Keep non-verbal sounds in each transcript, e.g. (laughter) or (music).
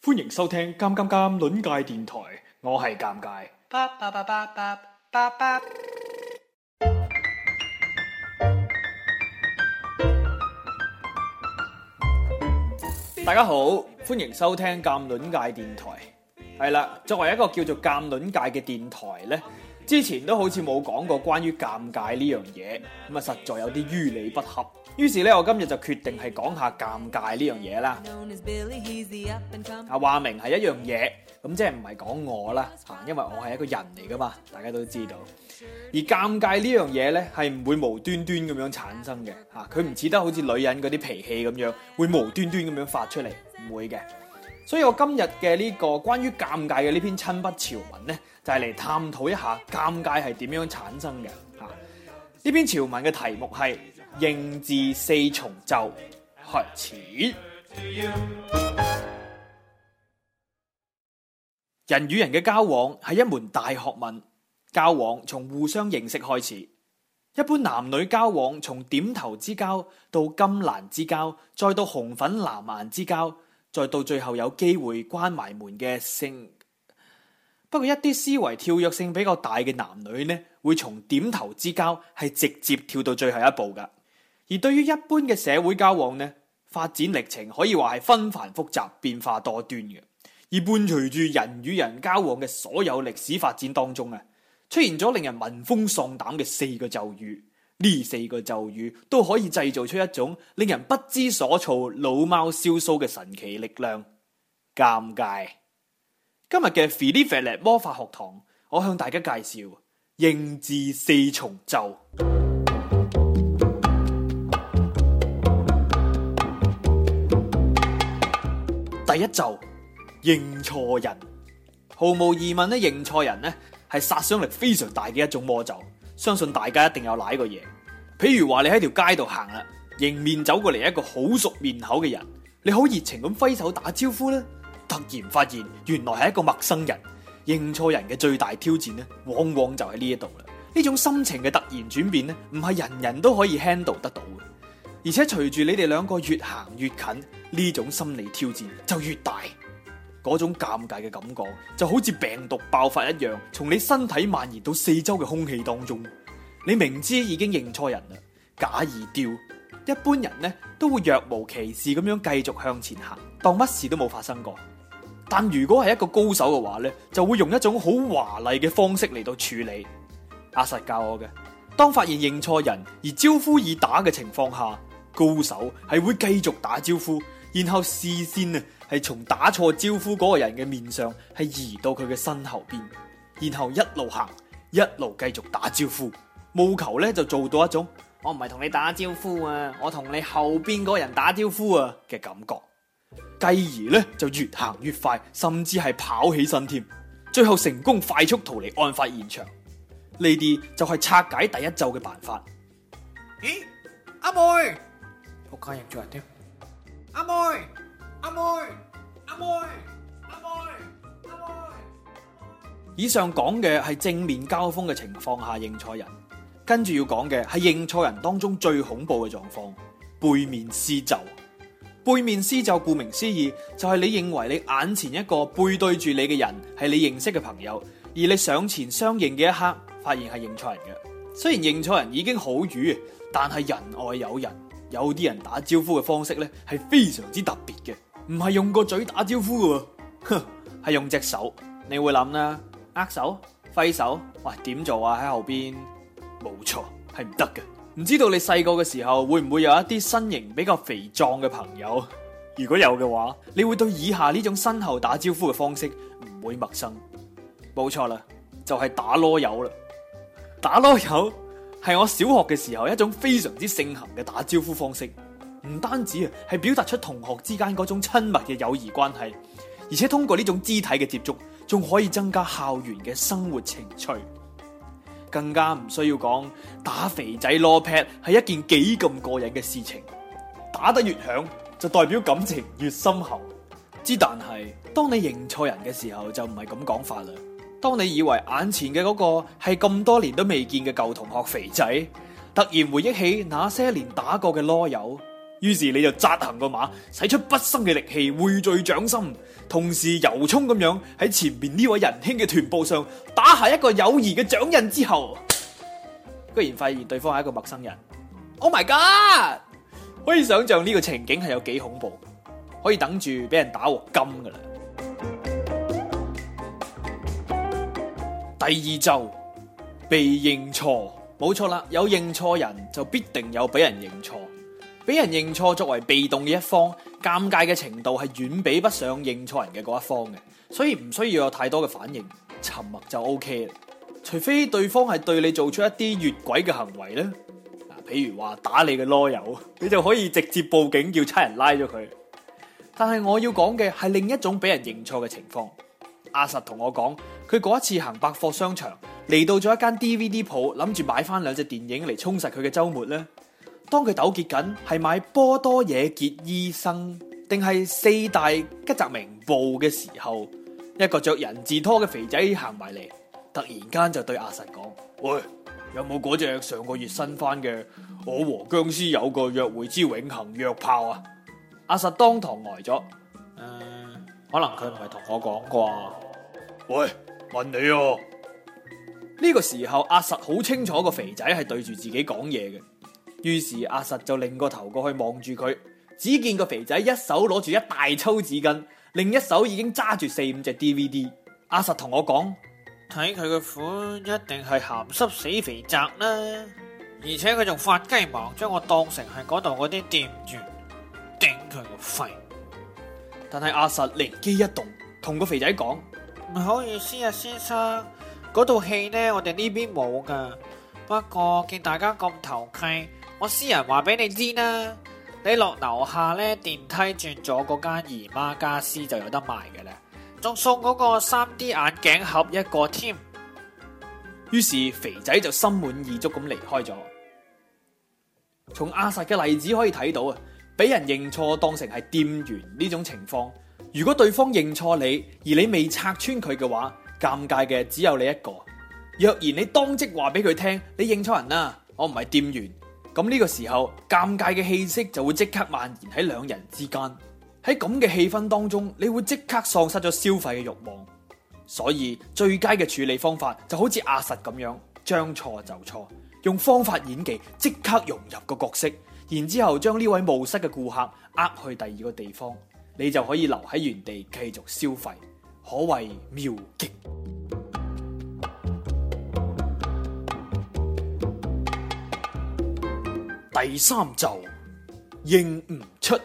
歡迎收聽《尷尷尷》論界電台，我係尷尬。大家好，歡迎收聽《尬論界》電台。係啦，作為一個叫做《尬論界》嘅電台呢，之前都好似冇講過關於尷尬呢樣嘢，咁啊實在有啲於理不合。於是咧，我今日就決定係講下尷尬呢樣嘢啦。啊，話明係一樣嘢，咁即係唔係講我啦，嚇，因為我係一個人嚟噶嘛，大家都知道。而尷尬呢樣嘢咧，係唔會無端端咁樣產生嘅，嚇，佢唔似得好似女人嗰啲脾氣咁樣，會無端端咁樣發出嚟，唔會嘅。所以我今日嘅呢個關於尷尬嘅呢篇親筆潮文咧，就係嚟探討一下尷尬係點樣產生嘅。嚇、啊，呢篇潮文嘅題目係。認字四重奏開始。人與人嘅交往係一門大學問。交往從互相認識開始。一般男女交往從點頭之交到金蘭之交，再到紅粉藍顏之交，再到最後有機會關埋門嘅性。不過一啲思維跳躍性比較大嘅男女呢，會從點頭之交係直接跳到最後一步噶。而對於一般嘅社會交往呢，發展歷程可以話係紛繁複雜、變化多端嘅。而伴隨住人與人交往嘅所有歷史發展當中啊，出現咗令人聞風喪膽嘅四個咒語。呢四個咒語都可以製造出一種令人不知所措、老貓燒鬚嘅神奇力量。尷尬！今日嘅《Felipe 魔法學堂》，我向大家介紹應字四重咒。一就認錯人，毫無疑問咧，認錯人咧係殺傷力非常大嘅一種魔咒。相信大家一定有瀨過嘢，譬如話你喺條街度行啦，迎面走過嚟一個好熟面口嘅人，你好熱情咁揮手打招呼咧，突然發現原來係一個陌生人。認錯人嘅最大挑戰咧，往往就喺呢一度啦。呢種心情嘅突然轉變咧，唔係人人都可以 handle 得到嘅。而且隨住你哋兩個越行越近，呢種心理挑戰就越大，嗰種尷尬嘅感覺就好似病毒爆發一樣，從你身體蔓延到四周嘅空氣當中。你明知已經認錯人啦，假意掉，一般人呢都會若無其事咁樣繼續向前行，當乜事都冇發生過。但如果係一個高手嘅話呢，就會用一種好華麗嘅方式嚟到處理。阿、啊、實教我嘅，當發現認錯人而招呼已打嘅情況下。高手係會繼續打招呼，然後視線啊係從打錯招呼嗰個人嘅面上係移到佢嘅身後邊，然後一路行，一路繼續打招呼，務求咧就做到一種我唔係同你打招呼啊，我同你後邊嗰個人打招呼啊嘅感覺。繼而咧就越行越快，甚至係跑起身添，最後成功快速逃離案發現場。呢啲就係拆解第一咒嘅辦法。咦，阿妹？仆街認錯人添。阿妹，阿妹，阿妹，阿妹，阿妹。以上講嘅係正面交鋒嘅情況下認錯人，跟住要講嘅係認錯人當中最恐怖嘅狀況，背面施咒。背面施咒，顧名思義就係你認為你眼前一個背對住你嘅人係你認識嘅朋友，而你上前相認嘅一刻，發現係認錯人嘅。雖然認錯人已經好瘀，但係人外有人。有啲人打招呼嘅方式咧，係非常之特別嘅，唔係用個嘴打招呼嘅，哼，係用隻手。你會諗啦，握手、揮手，喂，點做啊？喺後邊，冇錯，係唔得嘅。唔知道你細個嘅時候會唔會有一啲身形比較肥壯嘅朋友？如果有嘅話，你會對以下呢種身後打招呼嘅方式唔會陌生。冇錯啦，就係、是、打囉柚啦，打囉柚。係我小學嘅時候一種非常之盛行嘅打招呼方式，唔單止啊，係表達出同學之間嗰種親密嘅友誼關係，而且通過呢種肢體嘅接觸，仲可以增加校園嘅生活情趣。更加唔需要講打肥仔鑼 pad 係一件幾咁過癮嘅事情，打得越響就代表感情越深厚。之但係當你認錯人嘅時候，就唔係咁講法啦。當你以為眼前嘅嗰個係咁多年都未見嘅舊同學肥仔，突然回憶起那些年打過嘅囉柚，於是你就扎行個馬，使出畢生嘅力氣匯聚掌心，同時由衷咁樣喺前面呢位仁兄嘅臀部上打下一個友誼嘅掌印之後， (coughs) 居然發現對方係一個陌生人。Oh my god！可以想象呢個情景係有幾恐怖，可以等住俾人打鑊金噶啦。第二就被認錯，冇錯啦。有認錯人就必定有俾人認錯，俾人認錯作為被動嘅一方，尷尬嘅程度係遠比不上認錯人嘅嗰一方嘅，所以唔需要有太多嘅反應，沉默就 OK 啦。除非對方係對你做出一啲越軌嘅行為咧，啊，譬如話打你嘅囉柚，你就可以直接報警叫差人拉咗佢。但係我要講嘅係另一種俾人認錯嘅情況。阿實同我講，佢嗰一次行百貨商場，嚟到咗一間 DVD 鋪，諗住買翻兩隻電影嚟充實佢嘅周末呢。當佢糾結緊係買波多野結醫生定係四大吉澤明步嘅時候，一個着人字拖嘅肥仔行埋嚟，突然間就對阿實講：「喂，有冇嗰隻上個月新翻嘅《我和僵屍有個約會之永恆約炮》啊？阿實當堂呆咗。嗯可能佢唔係同我講啩？喂，問你啊！呢個時候阿實好清楚個肥仔係對住自己講嘢嘅，於是阿實就擰個頭過去望住佢。只見個肥仔一手攞住一大抽紙巾，另一手已經揸住四五隻 DVD。阿實同我講：睇佢個款，一定係咸濕死肥宅啦！而且佢仲發雞盲，將我當成係嗰度嗰啲店員，頂佢個肺！但係阿實靈機一動，同個肥仔講：唔好意思啊，先生，嗰套戲呢我哋呢邊冇㗎。不過見大家咁投契，我私人話俾你知啦，你落樓下呢，電梯轉左嗰間姨媽家私就有得賣嘅啦，仲送嗰個 3D 眼鏡盒一個添。於是肥仔就心滿意足咁離開咗。從阿實嘅例子可以睇到啊。俾人認錯當成係店員呢種情況，如果對方認錯你，而你未拆穿佢嘅話，尷尬嘅只有你一個。若然你當即話俾佢聽，你認錯人啦，我唔係店員。咁呢個時候，尷尬嘅氣息就會即刻蔓延喺兩人之間。喺咁嘅氣氛當中，你會即刻喪失咗消費嘅慾望。所以最佳嘅處理方法就好似阿實咁樣，將錯就錯，用方法演技即刻融入個角色。然之後將呢位無室嘅顧客呃去第二個地方，你就可以留喺原地繼續消費，可謂妙極。第三就認唔出，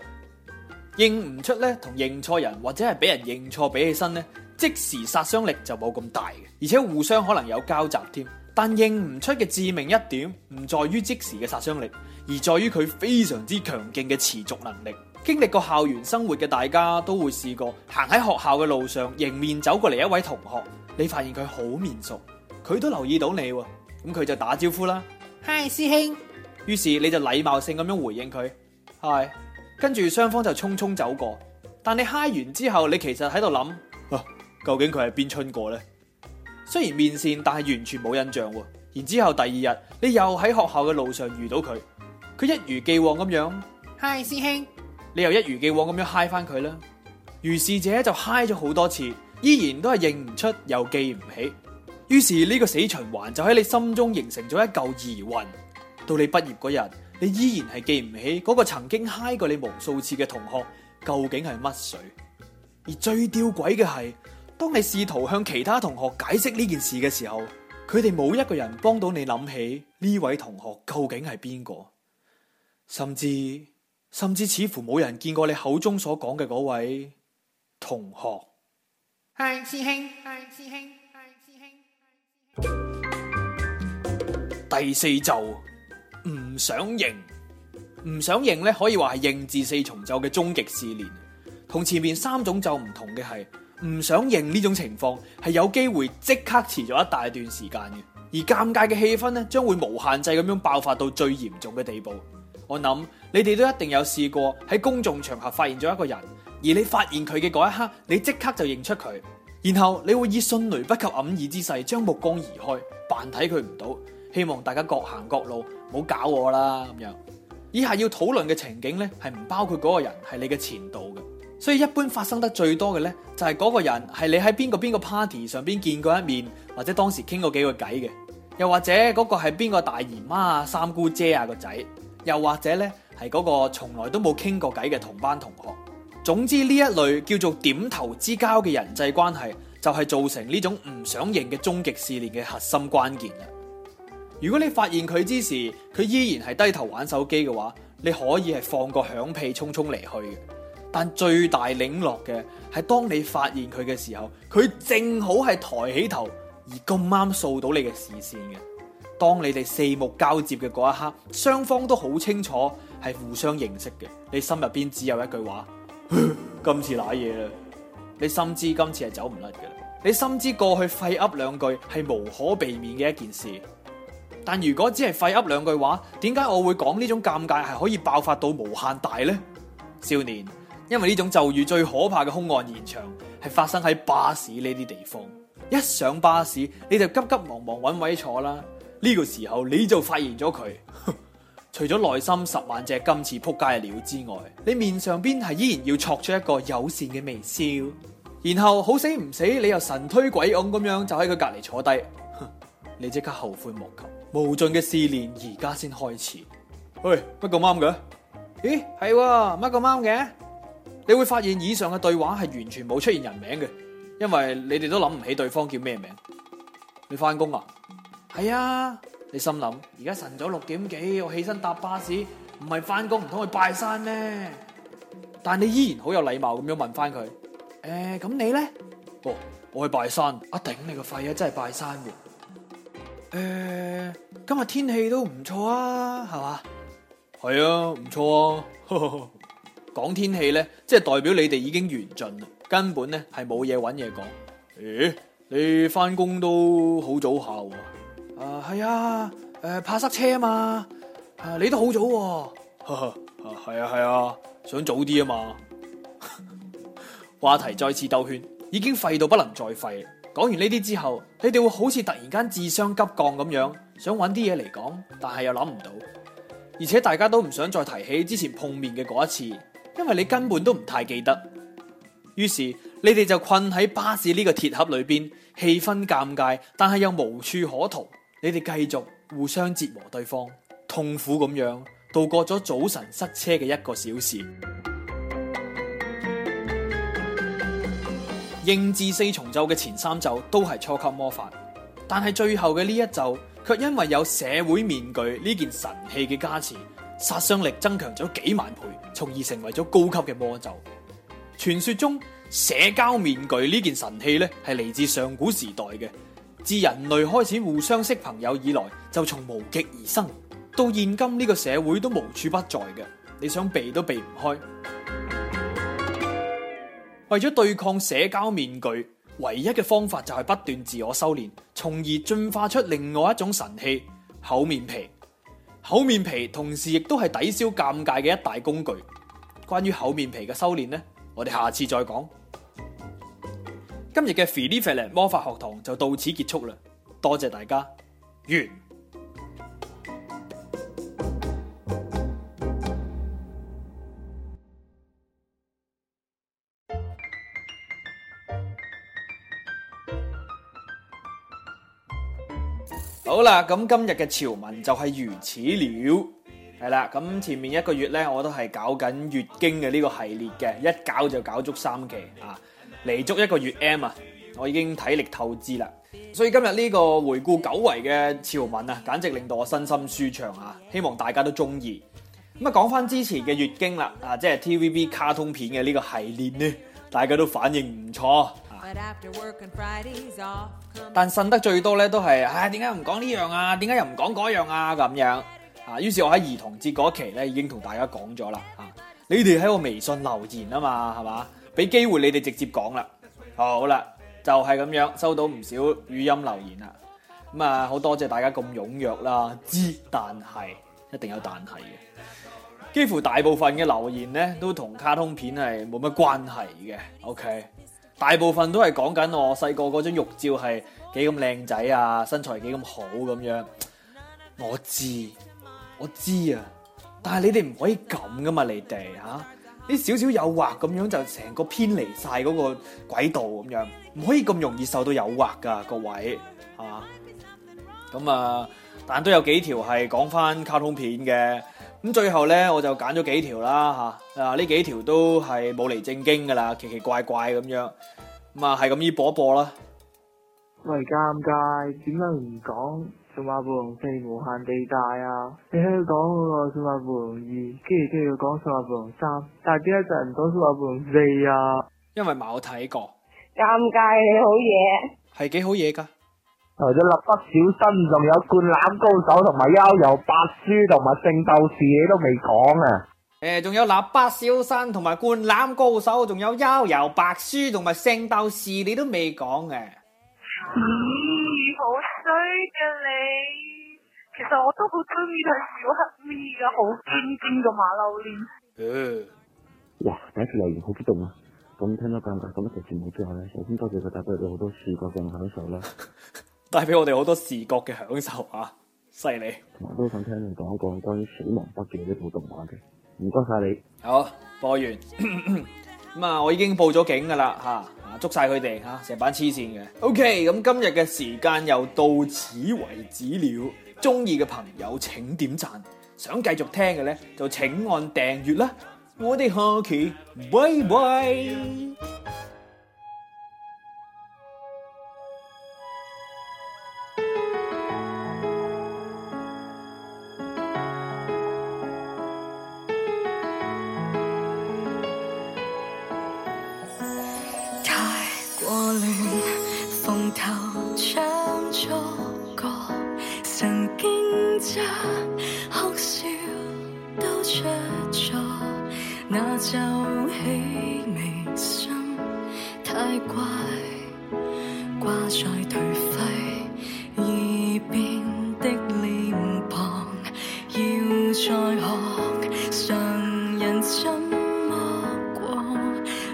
認唔出咧，同認錯人或者係俾人認錯比起身咧，即時殺傷力就冇咁大嘅，而且互相可能有交集添。但認唔出嘅致命一點，唔在於即時嘅殺傷力。而在於佢非常之強勁嘅持續能力。經歷過校園生活嘅大家都會試過，行喺學校嘅路上，迎面走過嚟一位同學，你發現佢好面熟，佢都留意到你，咁佢就打招呼啦，嗨，師兄。於是你就禮貌性咁樣回應佢，嗨。跟住雙方就匆匆走過。但你嗨完之後，你其實喺度諗，啊，究竟佢係邊春過呢？雖然面善，但係完全冇印象。然之後第二日，你又喺學校嘅路上遇到佢。佢一如既往咁樣，嗨，師兄。你又一如既往咁樣嗨翻佢啦。如是者就嗨咗好多次，依然都係認唔出又記唔起。於是呢個死循環就喺你心中形成咗一嚿疑雲。到你畢業嗰日，你依然係記唔起嗰個曾經嗨過你無數次嘅同學究竟係乜誰。而最吊詭嘅係，當你試圖向其他同學解釋呢件事嘅時候，佢哋冇一個人幫到你諗起呢位同學究竟係邊個。甚至甚至，甚至似乎冇人見過你口中所講嘅嗰位同學係、哎、師兄，係、哎、師兄，係、哎、師兄，哎、師兄。第四奏唔想認唔想認咧，可以話係認字四重奏嘅終極試練。同前面三種奏唔同嘅係唔想認呢種情況，係有機會即刻持續一大段時間嘅，而尷尬嘅氣氛咧，將會無限制咁樣爆發到最嚴重嘅地步。我諗你哋都一定有試過喺公眾場合發現咗一個人，而你發現佢嘅嗰一刻，你即刻就認出佢，然後你會以迅雷不及掩耳之勢將目光移開，扮睇佢唔到，希望大家各行各路，唔好搞我啦咁樣。以下要討論嘅情景咧，係唔包括嗰個人係你嘅前度嘅，所以一般發生得最多嘅咧，就係、是、嗰個人係你喺邊個邊個 party 上邊見過一面，或者當時傾過幾個偈嘅，又或者嗰個係邊個大姨媽啊、三姑姐啊個仔。又或者咧，係嗰個從來都冇傾過偈嘅同班同學。總之呢一類叫做點頭之交嘅人際關係，就係、是、造成呢種唔想認嘅終極試煉嘅核心關鍵啦。如果你發現佢之時，佢依然係低頭玩手機嘅話，你可以係放個響屁匆匆離去嘅。但最大領落嘅係，當你發現佢嘅時候，佢正好係抬起頭，而咁啱掃到你嘅視線嘅。當你哋四目交接嘅嗰一刻，雙方都好清楚係互相認識嘅。你心入邊只有一句話：呃、今次瀨嘢啦？你心知今次係走唔甩嘅啦。你心知過去廢噏兩句係無可避免嘅一件事。但如果只係廢噏兩句話，點解我會講呢種尷尬係可以爆發到無限大呢？少年，因為呢種咒語最可怕嘅凶案現場係發生喺巴士呢啲地方。一上巴士你就急急忙忙揾位坐啦。呢個時候你就發現咗佢，除咗內心十萬隻金翅撲街鳥之外，你面上邊係依然要作出一個友善嘅微笑，然後好死唔死，你又神推鬼拱咁樣就喺佢隔籬坐低，你即刻後悔莫及，無盡嘅思念而家先開始。喂，乜咁啱嘅？咦，係喎，乜咁啱嘅？麼麼你會發現以上嘅對話係完全冇出現人名嘅，因為你哋都諗唔起對方叫咩名。你翻工啊？係啊，你心諗而家晨早六點幾，我起身搭巴士，唔係翻工，唔通去拜山咩？但你依然好有禮貌咁樣問翻佢，誒，咁你咧？哦，我去拜山，啊頂你個肺啊，真係拜山嘅。誒，今日天，天氣都唔錯啊，係嘛？係啊，唔錯啊。 (laughs) 講天氣咧，即係代表你哋已經完盡啦，根本咧係冇嘢搵嘢講。誒，你翻工都好早下啊。啊，係啊，誒，怕塞車啊嘛。啊，你都好早哦，係 (laughs) 啊，係啊，啊，想早啲啊嘛。 (laughs) 話題再次兜圈，已經廢到不能再廢。講完呢啲之後，你哋會好似突然間智商急降咁樣，想搵啲嘢嚟講，但係又諗唔到。而且大家都唔想再提起之前碰面嘅嗰一次，因為你根本都唔太記得。於是你哋就困喺巴士呢個鐵盒裏邊，氣氛尷尬，但係又無處可逃。你哋繼續互相折磨對方，痛苦咁樣度過咗早晨塞車嘅一個小時。應字四重咒，嘅前三咒都係初級魔法，但係最後嘅呢一咒卻因為有社會面具呢件神器嘅加持，殺傷力增強咗幾萬倍，從而成為咗高級嘅魔咒。傳說中社交面具呢件神器咧，係嚟自上古時代嘅。自人類開始互相識朋友以來，就從無極而生，到現今呢個社會都無處不在嘅，你想避都避唔開。為咗對抗社交面具，唯一嘅方法就係不斷自我修煉，從而進化出另外一種神器——厚面皮。厚面皮同時亦都係抵消尷尬嘅一大工具。關於厚面皮嘅修煉呢，我哋下次再講。今日嘅 Filly Valley 魔法學堂就到此結束啦，多謝大家，完。好啦，咁今日嘅潮文就係如此了，係啦。咁前面一個月咧，我都係搞緊月經嘅呢個系列嘅，一搞就搞足三期啊。嚟足一個月 M 啊，我已經體力透支啦。所以今日呢個回顧久違嘅潮文啊，簡直令到我身心舒暢啊！希望大家都中意。咁啊，講返之前嘅《月經》啦，啊，即係 TVB 卡通片嘅呢個系列咧，大家都反應唔錯啊。但信得最多咧都係，唉、哎，點解唔講呢樣啊？點解又唔講嗰樣啊？咁樣啊，於是，我喺兒童節嗰期咧已經同大家講咗啦。啊，你哋喺我微信留言啊嘛，係嘛？俾機會你哋直接講啦，好啦，就係咁樣收到唔少語音留言啦，咁啊好多謝大家咁踴躍啦，知但係一定有但係嘅，幾乎大部分嘅留言咧都同卡通片係冇乜關係嘅，OK，大部分都係講緊我細個嗰張玉照係幾咁靚仔啊，身材幾咁好咁樣，我知我知啊，但係你哋唔可以咁噶嘛，你哋嚇。啊呢少少誘惑咁樣就成個偏離曬嗰個軌道咁樣，唔可以咁容易受到誘惑噶，各位，係咪？咁啊，但都有幾條係講翻卡通片嘅。咁最後咧，我就揀咗幾條啦嚇。啊，呢幾條都係冇嚟正經噶啦，奇奇怪怪咁樣。咁啊，係咁依播一播啦。喂，尷尬，點解唔講《數碼暴龍四無限地帶》啊？你喺度講《嗰個數碼暴龍二》，跟住跟住又講《數碼暴龍三》，但係邊一陣唔講《數碼暴龍四》啊？因為冇睇過。尷尬，你好嘢。係幾好嘢㗎？除咗《蠟筆小新》，仲有《灌籃高手》同埋《幽遊白書》同埋《聖鬥士》，你都未講啊？誒，仲有《蠟筆小新》同埋《灌籃高手》，仲有《幽遊白書》同埋《聖鬥士》，你都未講嘅。咦、嗯，好衰嘅你！其實我都好中意睇小黑咪噶，好尖尖嘅馬騮鏈。誒，哇！第一次留言好激動啊！咁聽咗尷尬咁一齊節目之後咧，首先謝多謝佢帶俾咗好多視覺嘅享受啦，帶俾 (laughs) 我哋好多視覺嘅享受啊！犀利。同埋都想聽你講一講關於死亡筆記呢部動畫嘅，唔該晒你。好，播完咁啊咳咳，我已經報咗警噶啦吓。捉晒佢哋吓，成班黐線嘅。OK，咁今日嘅時間又到此為止了。鍾意嘅朋友請點讚，想繼續聽嘅咧就請按訂閱啦。我哋下期拜拜。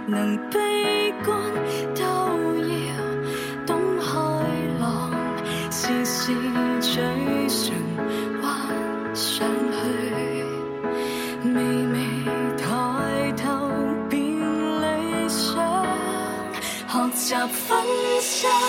能悲觀都要懂開朗，事事嘴唇彎上去，微微抬頭變理想學，學習分心。